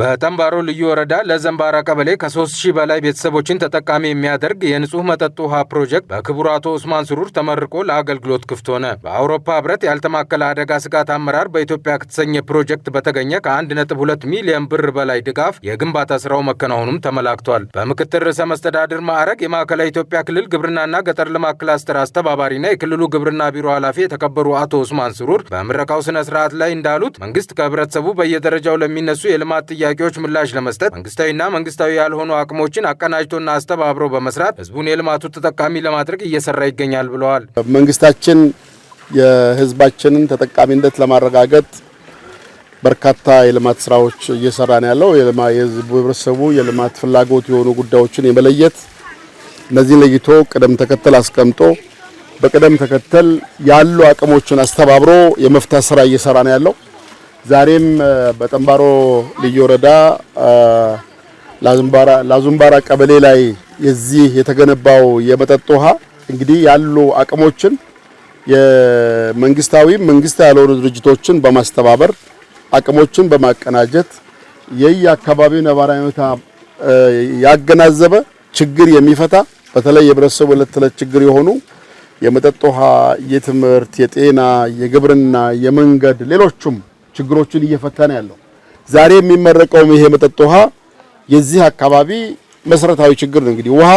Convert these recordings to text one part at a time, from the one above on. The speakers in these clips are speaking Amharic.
በጠንባሮ ልዩ ወረዳ ለዘንባራ ቀበሌ ከ3000 በላይ ቤተሰቦችን ተጠቃሚ የሚያደርግ የንጹህ መጠጥ ውሃ ፕሮጀክት በክቡር አቶ ኡስማን ስሩር ተመርቆ ለአገልግሎት ክፍት ሆነ። በአውሮፓ ህብረት ያልተማከለ አደጋ ስጋት አመራር በኢትዮጵያ ከተሰኘ ፕሮጀክት በተገኘ ከ1.2 ሚሊዮን ብር በላይ ድጋፍ የግንባታ ስራው መከናወኑም ተመላክቷል። በምክትል ርዕሰ መስተዳድር ማዕረግ የማዕከላዊ ኢትዮጵያ ክልል ግብርናና ገጠር ልማት ክላስተር አስተባባሪና የክልሉ ግብርና ቢሮ ኃላፊ የተከበሩ አቶ ኡስማን ስሩር በምረቃው ስነ ስርዓት ላይ እንዳሉት መንግስት ከህብረተሰቡ በየደረጃው ለሚነሱ የልማት ጥያ ጥያቄዎች ምላሽ ለመስጠት መንግስታዊና መንግስታዊ ያልሆኑ አቅሞችን አቀናጅቶና አስተባብሮ በመስራት ህዝቡን የልማቱ ተጠቃሚ ለማድረግ እየሰራ ይገኛል ብለዋል። መንግስታችን የህዝባችንን ተጠቃሚነት ለማረጋገጥ በርካታ የልማት ስራዎች እየሰራ ነው ያለው። ህብረተሰቡ የልማት ፍላጎት የሆኑ ጉዳዮችን የመለየት እነዚህን ለይቶ ቅደም ተከተል አስቀምጦ በቅደም ተከተል ያሉ አቅሞችን አስተባብሮ የመፍታት ስራ እየሰራ ነው ያለው። ዛሬም በጠንባሮ ልዩ ወረዳ ላዙምባራ ቀበሌ ላይ የዚህ የተገነባው የመጠጥ ውሃ እንግዲህ ያሉ አቅሞችን የመንግስታዊ መንግስት ያልሆኑ ድርጅቶችን በማስተባበር አቅሞችን በማቀናጀት የየአካባቢው ነባራዊ ሁኔታ ያገናዘበ ችግር የሚፈታ በተለይ የህብረተሰቡ ዕለት ተዕለት ችግር የሆኑ የመጠጥ ውሃ፣ የትምህርት፣ የጤና፣ የግብርና፣ የመንገድ ሌሎቹም ችግሮቹን እየፈታ ነው ያለው። ዛሬ የሚመረቀውም ይሄ መጠጥ ውሃ የዚህ አካባቢ መሰረታዊ ችግር ነው። እንግዲህ ውሃ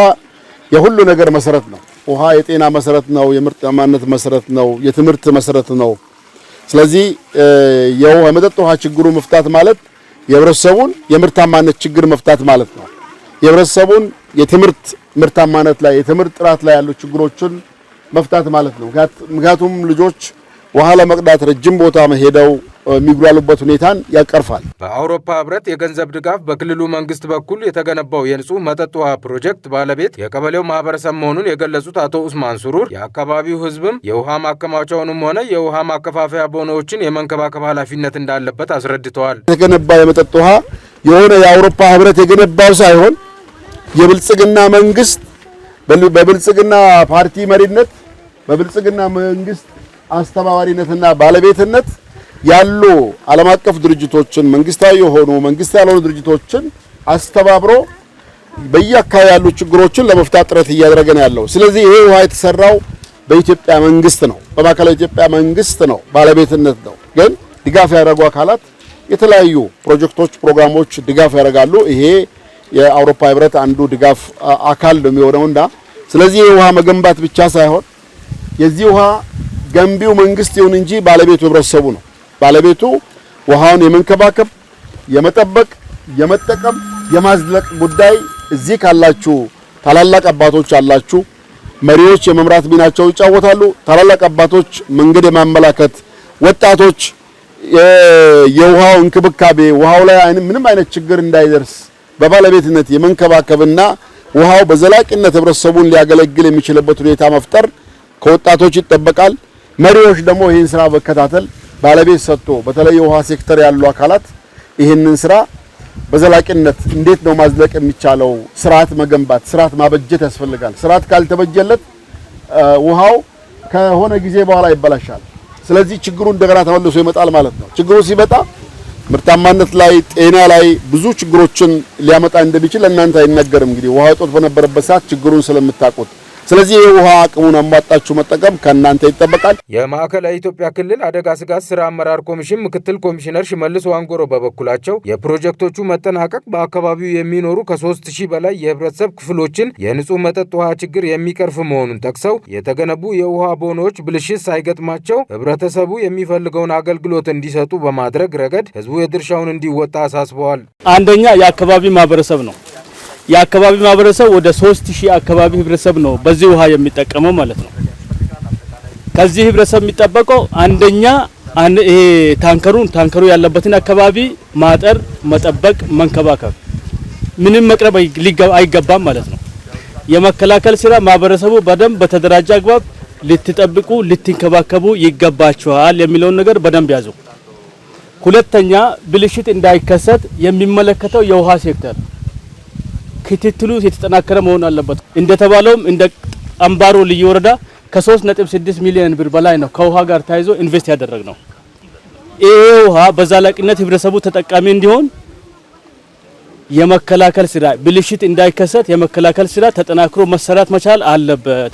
የሁሉ ነገር መሰረት ነው። ውሃ የጤና መሰረት ነው። የምርታማነት መሰረት ነው። የትምህርት መሰረት ነው። ስለዚህ የውሃ የመጠጥ ውሃ ችግሩ መፍታት ማለት የህብረተሰቡን የምርታማነት ችግር መፍታት ማለት ነው። የህብረተሰቡን የትምህርት ምርታማነት ላይ የትምህርት ጥራት ላይ ያሉ ችግሮችን መፍታት ማለት ነው። ምክንያቱም ልጆች ውሃ ለመቅዳት ረጅም ቦታ መሄደው የሚጉላሉበት ሁኔታን ያቀርፋል። በአውሮፓ ህብረት የገንዘብ ድጋፍ በክልሉ መንግስት በኩል የተገነባው የንጹህ መጠጥ ውሃ ፕሮጀክት ባለቤት የቀበሌው ማህበረሰብ መሆኑን የገለጹት አቶ ኡስማን ሱሩር የአካባቢው ህዝብም የውሃ ማከማቻውንም ሆነ የውሃ ማከፋፈያ ቦኖዎችን የመንከባከብ ኃላፊነት እንዳለበት አስረድተዋል። የተገነባ የመጠጥ ውሃ የሆነ የአውሮፓ ህብረት የገነባው ሳይሆን የብልጽግና መንግስት በብልጽግና ፓርቲ መሪነት በብልጽግና መንግስት አስተባባሪነትና ባለቤትነት ያሉ ዓለም አቀፍ ድርጅቶችን መንግስታዊ የሆኑ መንግስት ያልሆኑ ድርጅቶችን አስተባብሮ በየአካባቢ ያሉ ችግሮችን ለመፍታት ጥረት እያደረገ ነው ያለው። ስለዚህ ይሄ ውሃ የተሰራው በኢትዮጵያ መንግስት ነው፣ በማዕከላዊ ኢትዮጵያ መንግስት ነው ባለቤትነት ነው። ግን ድጋፍ ያደረጉ አካላት የተለያዩ ፕሮጀክቶች፣ ፕሮግራሞች ድጋፍ ያደርጋሉ። ይሄ የአውሮፓ ህብረት አንዱ ድጋፍ አካል ነው የሚሆነውና ስለዚህ ይህ ውሃ መገንባት ብቻ ሳይሆን የዚህ ውሃ ገንቢው መንግስት ይሁን እንጂ ባለቤቱ ህብረተሰቡ ነው። ባለቤቱ ውሃውን የመንከባከብ፣ የመጠበቅ፣ የመጠቀም፣ የማዝለቅ ጉዳይ እዚህ ካላችሁ ታላላቅ አባቶች አላችሁ። መሪዎች የመምራት ሚናቸው ይጫወታሉ። ታላላቅ አባቶች መንገድ የማመላከት ወጣቶች የውሃው እንክብካቤ ውሃው ላይ ምንም አይነት ችግር እንዳይደርስ በባለቤትነት የመንከባከብና ውሃው በዘላቂነት ህብረተሰቡን ሊያገለግል የሚችልበት ሁኔታ መፍጠር ከወጣቶች ይጠበቃል። መሪዎች ደግሞ ይህን ስራ መከታተል ባለቤት ሰጥቶ በተለይ የውሃ ሴክተር ያሉ አካላት ይህንን ስራ በዘላቂነት እንዴት ነው ማዝለቅ የሚቻለው? ስርዓት መገንባት፣ ስርዓት ማበጀት ያስፈልጋል። ስርዓት ካልተበጀለት ውሃው ከሆነ ጊዜ በኋላ ይበላሻል። ስለዚህ ችግሩ እንደገና ተመልሶ ይመጣል ማለት ነው። ችግሩ ሲመጣ ምርታማነት ላይ፣ ጤና ላይ ብዙ ችግሮችን ሊያመጣ እንደሚችል ለእናንተ አይነገርም። እንግዲህ ውሃ እጦት በነበረበት ሰዓት ችግሩን ስለምታውቁት ስለዚህ የውሃ አቅሙን አሟጣችሁ መጠቀም ከእናንተ ይጠበቃል። የማዕከላዊ ኢትዮጵያ ክልል አደጋ ስጋት ስራ አመራር ኮሚሽን ምክትል ኮሚሽነር ሽመልስ ዋንጎሮ በበኩላቸው የፕሮጀክቶቹ መጠናቀቅ በአካባቢው የሚኖሩ ከሶስት ሺህ በላይ የህብረተሰብ ክፍሎችን የንጹህ መጠጥ ውሃ ችግር የሚቀርፍ መሆኑን ጠቅሰው የተገነቡ የውሃ ቦኖዎች ብልሽት ሳይገጥማቸው ህብረተሰቡ የሚፈልገውን አገልግሎት እንዲሰጡ በማድረግ ረገድ ህዝቡ የድርሻውን እንዲወጣ አሳስበዋል። አንደኛ የአካባቢ ማህበረሰብ ነው። የአካባቢ ማህበረሰብ ወደ 3000 አካባቢ ህብረተሰብ ነው በዚህ ውሃ የሚጠቀመው ማለት ነው። ከዚህ ህብረተሰብ የሚጠበቀው አንደኛ ይሄ ታንከሩን ታንከሩ ያለበትን አካባቢ ማጠር፣ መጠበቅ፣ መንከባከብ፣ ምንም መቅረብ አይገባም ማለት ነው። የመከላከል ስራ ማህበረሰቡ በደንብ በተደራጀ አግባብ ልትጠብቁ ልትንከባከቡ ይገባችኋል የሚለውን ነገር በደንብ ያዙ። ሁለተኛ ብልሽት እንዳይከሰት የሚመለከተው የውሃ ሴክተር ክትትሉ የተጠናከረ መሆን አለበት። እንደተባለውም እንደ አምባሮ ልዩ ወረዳ ከ3.6 ሚሊዮን ብር በላይ ነው ከውሃ ጋር ተያይዞ ኢንቨስት ያደረግ ነው። ይሄ ውሃ በዘላቂነት ህብረተሰቡ ተጠቃሚ እንዲሆን የመከላከል ስራ ብልሽት እንዳይከሰት የመከላከል ስራ ተጠናክሮ መሰራት መቻል አለበት።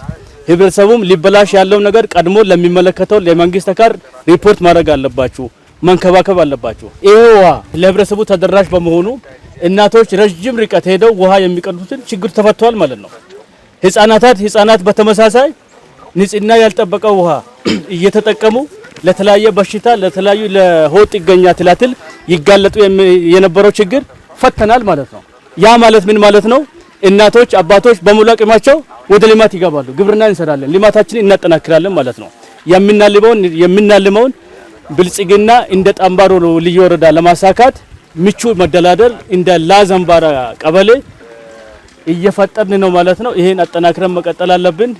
ህብረተሰቡም ሊበላሽ ያለው ነገር ቀድሞ ለሚመለከተው ለመንግስት አካል ሪፖርት ማድረግ አለባችሁ፣ መንከባከብ አለባችሁ። ይሄ ውሃ ለህብረተሰቡ ተደራሽ በመሆኑ እናቶች ረጅም ርቀት ሄደው ውሃ የሚቀዱትን ችግር ተፈቷል ማለት ነው። ህጻናታት ህጻናት በተመሳሳይ ንጽህና ያልጠበቀ ውሃ እየተጠቀሙ ለተለያየ በሽታ ለተለያዩ ለሆድ ጥገኛ ትላትል ይጋለጡ የነበረው ችግር ፈተናል ማለት ነው። ያ ማለት ምን ማለት ነው? እናቶች አባቶች በሙሉ አቅማቸው ወደ ልማት ይገባሉ። ግብርና እንሰራለን፣ ልማታችንን እናጠናክራለን ማለት ነው። የምናልመውን የምናልመውን ብልጽግና እንደ ጣምባሮ ልዩ ወረዳ ለማሳካት ምቹ መደላደል እንደ ላዘንባራ ቀበሌ እየፈጠርን ነው ማለት ነው። ይሄን አጠናክረን መቀጠል አለብን።